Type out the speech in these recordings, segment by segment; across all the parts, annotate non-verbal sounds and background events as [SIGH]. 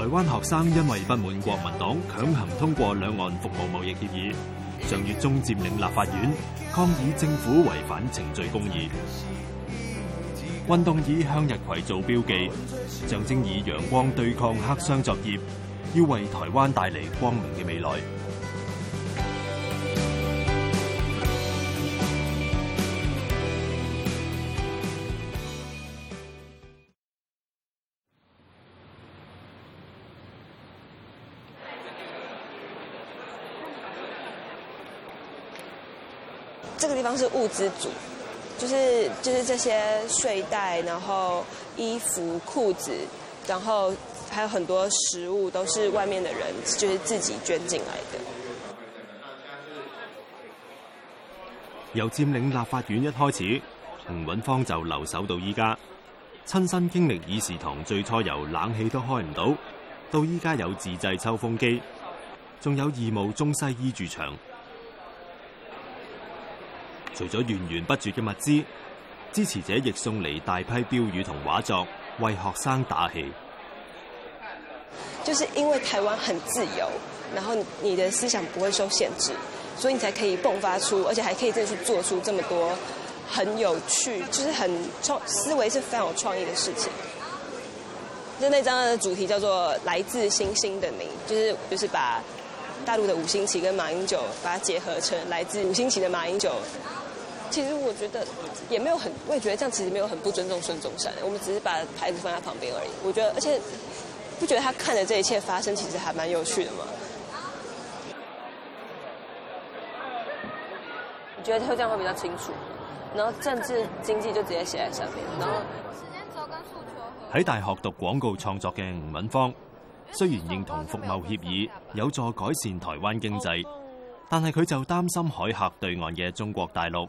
台灣學生因為不滿國民黨強行通過兩岸服務貿易協議，上月中佔領立法院抗議政府違反程序公義，運動以向日葵做標記，象徵以陽光對抗黑箱作業，要為台灣帶來光明嘅未來。這個地方是物資組，就是就是這些睡袋，然後衣服、褲子，然後還有很多食物，都是外面的人就是自己捐進來的。由佔領立法院一開始，吳允芳就留守到依家，親身經歷議事堂最初由冷氣都開唔到，到依家有自製抽風機，仲有義務中西醫駐場。除咗源源不絕嘅物資，支持者亦送嚟大批標語同畫作，為學生打氣。就是因為台灣很自由，然後你的思想不會受限制，所以你才可以迸發出，而且還可以再去做出這麼多很有趣，就是很創思維是非常有創意的事情。就那張嘅主題叫做《來自星星的你》，就是就是把大陸的五星旗跟馬英九，把它結合成來自五星旗的馬英九。其實我覺得也沒有很，我也覺得這樣其實沒有很不尊重孫中山。我們只是把牌子放在旁邊而已。我覺得，而且不覺得他看的這一切發生，其實還蠻有趣的嘛。我覺得他會這樣會比較清楚？然後政治經濟就直接寫在上面。然後時間軸跟訴求。喺大學讀廣告創作嘅吳敏芳，雖然認同服貿協議有助改善台灣經濟，但係佢就擔心海峽對岸嘅中國大陸。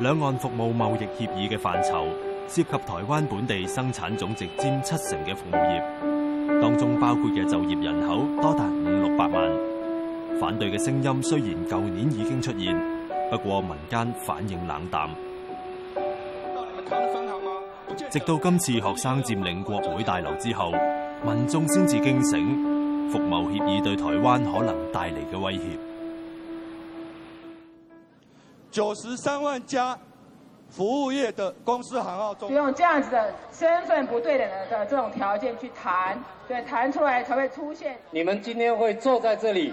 兩岸服務貿易協議嘅範疇，涉及台灣本地生產總值佔七成嘅服務業，當中包括嘅就業人口多達五六百萬。反對嘅聲音雖然舊年已經出現，不過民間反應冷淡。直到今次學生佔領國會大樓之後，民眾先至驚醒，服貿協議對台灣可能帶嚟嘅威脅。九十三萬家服務業的公司行號中，用這樣子的身份不對等的的這種條件去談，對談出來才會出現。你們今天會坐在這裡。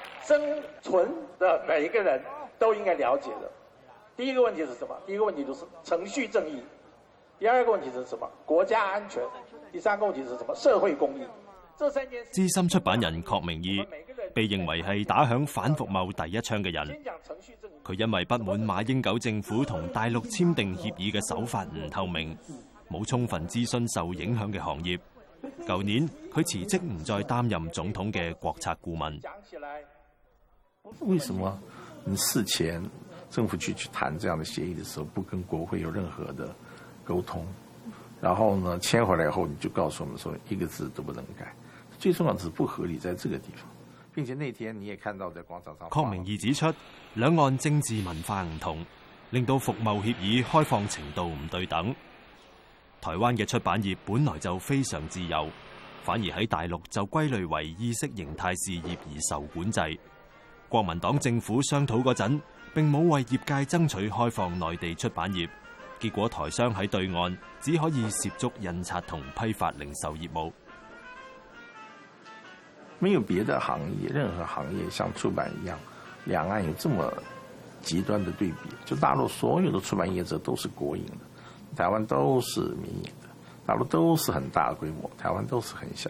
生存的每一個人都應該了解的，第一個問題是什麼？第一個問題就是程序正義。第二個問題是什麼？國家安全。第三個問題是什麼？社會公義。這三件。資深出版人郝明義被認為係打響反服貿第一槍嘅人。佢因為不滿馬英九政府同大陸簽訂協議嘅手法唔透明，冇充分諮詢受影響嘅行業。舊年佢辭職唔再擔任總統嘅國策顧問。為什麼你事前政府去去談這樣的協議的時候，不跟國會有任何的溝通？然後呢，簽回來以後，你就告訴我們說一個字都不能改。最重要的是不合理在這個地方，並且那天你也看到在廣場上。郝明義指出，兩岸政治文化唔同，令到服貿協議開放程度唔對等。台灣嘅出版業本來就非常自由，反而喺大陸就歸類為意識形態事業而受管制。國民黨政府商討嗰陣，并冇為業界爭取開放內地出版業，結果台商喺對岸只可以涉足印刷同批發零售業務。沒有別的行業，任何行業像出版一樣，兩岸有這麼極端的對比。就大陸所有的出版業者都是國營的，台灣都是民營的，大陸都是很大規模，台灣都是很小。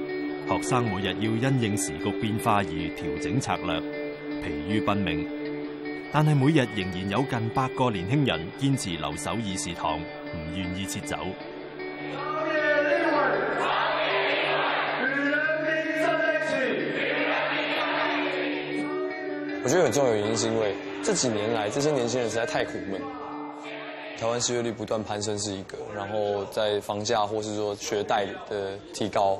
學生每日要因應時局變化而調整策略，疲於奔命。但係每日仍然有近百個年輕人堅持留守議事堂，唔願意撤走。我覺得很重要的原因是因為這幾年來，這些年輕人實在太苦悶。台灣失業率不斷攀升是一個，然後在房價或是說學貸的提高。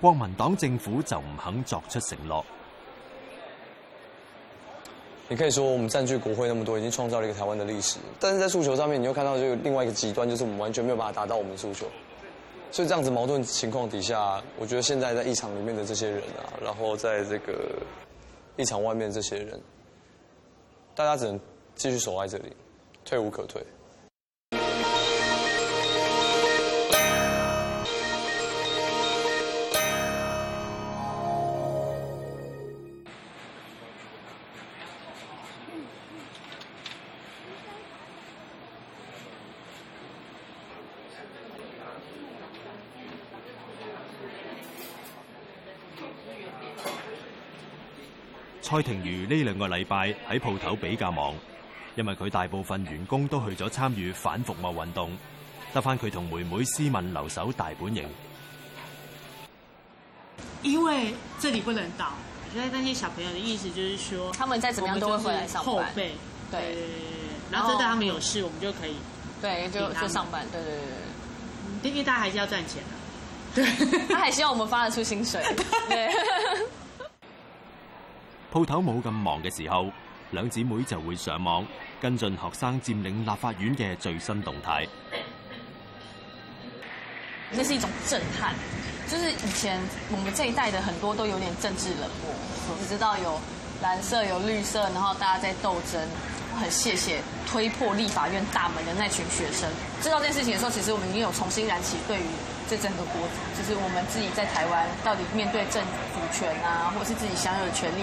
國民黨政府就唔肯作出承諾。你可以說，我們佔據國會那麼多，已經創造了一個台灣的歷史。但是在訴求上面，你又看到這個另外一個極端，就是我們完全沒有辦法達到我們的訴求。所以這樣子矛盾情況底下，我覺得現在在議場裏面的這些人啊，然後在這個議場外面的這些人，大家只能繼續守在這裏，退無可退。李婷如呢兩個禮拜喺鋪頭比較忙，因為佢大部分員工都去咗參與反服貿運動，得返佢同妹妹斯文留守大本營。因為這裏不能倒。我覺得那些小朋友的意思就是說，他們再怎麼樣都會回來上班。後輩，對、呃，然後就當他們有事，我們就可以對就就上班。對對對對，因為大家還是要賺錢啊。對， [LAUGHS] 他還希望我們發得出薪水。對。 [LAUGHS] 鋪頭冇咁忙嘅時候，兩姊妹就會上網跟進學生佔領立法院嘅最新動態。那是一種震撼，就是以前我們這一代的很多都有點政治冷漠，只知道有藍色有綠色，然後大家在鬥爭。很謝謝推破立法院大門的那群學生，知道這件事情嘅時候，其實我們已經有重新燃起對於這整個國，就是我們自己在台灣到底面對政府權啊，或者是自己享有的權利。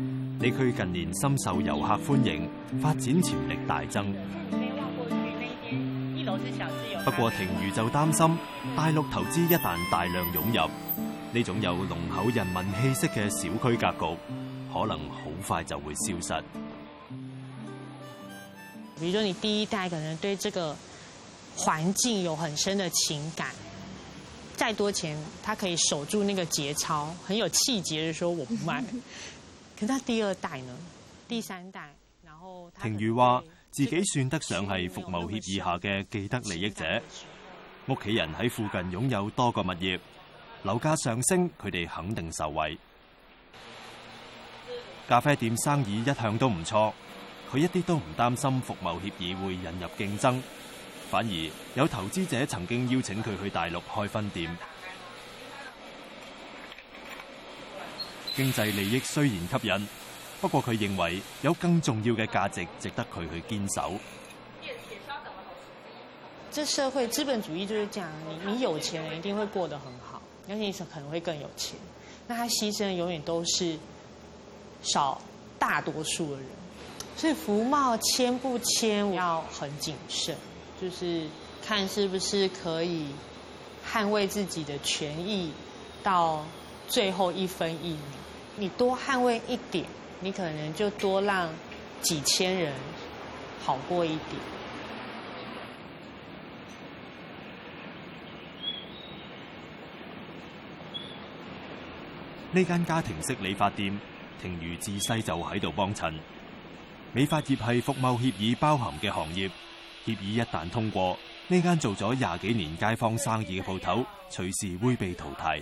呢區近年深受遊客歡迎，發展潛力大增。嗯嗯嗯嗯、不過停，庭瑜就擔心大陸投資一旦大量湧入，呢種有濃厚人民氣息嘅小區格局，可能好快就會消失。比如說，你第一代可能對這個環境有很深的情感，再多錢，他可以守住那個節操，很有氣節，就說我不賣。 [LAUGHS] 佢得第二代呢，第三代，然後平如話，自己算得上係服務協議下嘅既得利益者。屋企人喺附近擁有多個物業，樓價上升，佢哋肯定受惠。咖啡店生意一向都唔錯，佢一啲都唔擔心服務協議會引入競爭，反而有投資者曾經邀請佢去大陸開分店。經濟利益雖然吸引，不過佢認為有更重要嘅價值值得佢去堅守。這呢個社會資本主義就是講，你你有錢人一定會過得很好，而且可能會更有錢。那他犧牲的永遠都是少大多數的人，所以服貿簽不簽，我要很謹慎，就是看是不是可以捍衛自己的權益到最後一分一秒。.你多捍衛一點，你可能就多讓幾千人好過一點。呢間家，家庭式理髮店，庭如自細就喺度幫襯。美髮業係服貿協議包含嘅行業，協議一旦通過，呢間做咗廿幾年街坊生意嘅鋪頭，隨時會被淘汰。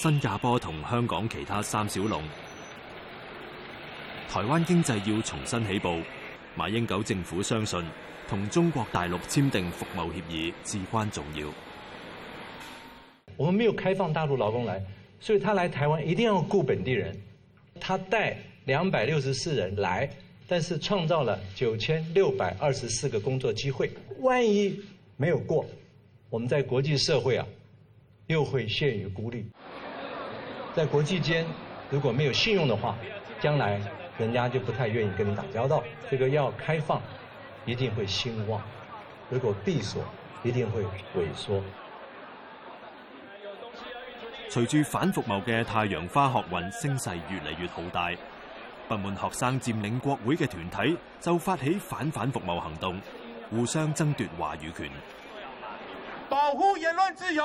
新加坡同香港其他三小龍，台灣經濟要重新起步，馬英九政府相信同中國大陸簽訂服貿協議至關重要。我們沒有開放大陸勞工來，所以他來台灣一定要僱本地人。他帶兩百六十四人來，但是創造了九千六百二十四個工作機會。萬一沒有過，我們在國際社會啊，又會陷於孤立。在國際間，如果沒有信用的話，將來人家就不太願意跟你打交道。這個要開放，一定會興旺；如果閉鎖，一定會萎縮。隨住反服貿嘅太陽花學運聲勢越嚟越浩大，不滿學生佔領國會嘅團體就發起反反服貿行動，互相爭奪話語權。保護言論自由。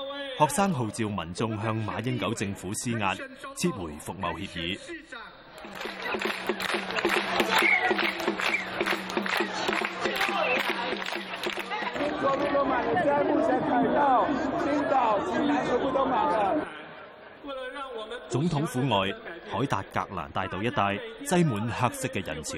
學生號召民眾向馬英九政府施壓，撤回服貿協議。總統府外海達格蘭大道一帶擠滿黑色嘅人潮。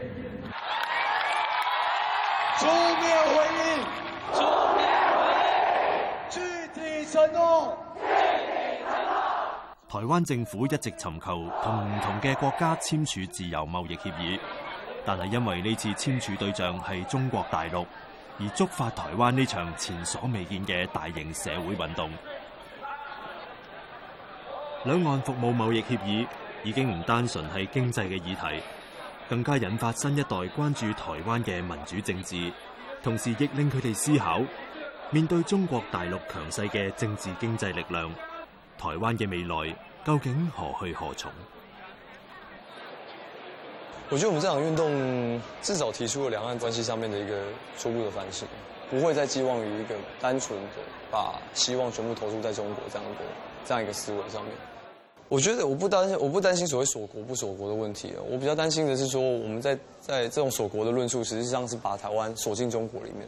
台灣政府一直尋求同唔同嘅國家簽署自由貿易協議，但係因為呢次簽署對象係中國大陸，而觸發台灣呢場前所未見嘅大型社會運動。兩岸服務貿易協議已經唔單純係經濟嘅議題，更加引發新一代關注台灣嘅民主政治，同時亦令佢哋思考。面對中國大陸強勢嘅政治經濟力量，台灣嘅未來究竟何去何從？我覺得我們這場運動至少提出了兩岸關係上面的一個初步的反省，不會再寄望於一個單純的把希望全部投注在中國這樣一個這樣一個思維上面。我覺得我不擔心，我不擔心所謂鎖國不鎖國的問題。我比較擔心的是說，我們在在這種鎖國的論述，實際上是把台灣鎖進中國裡面。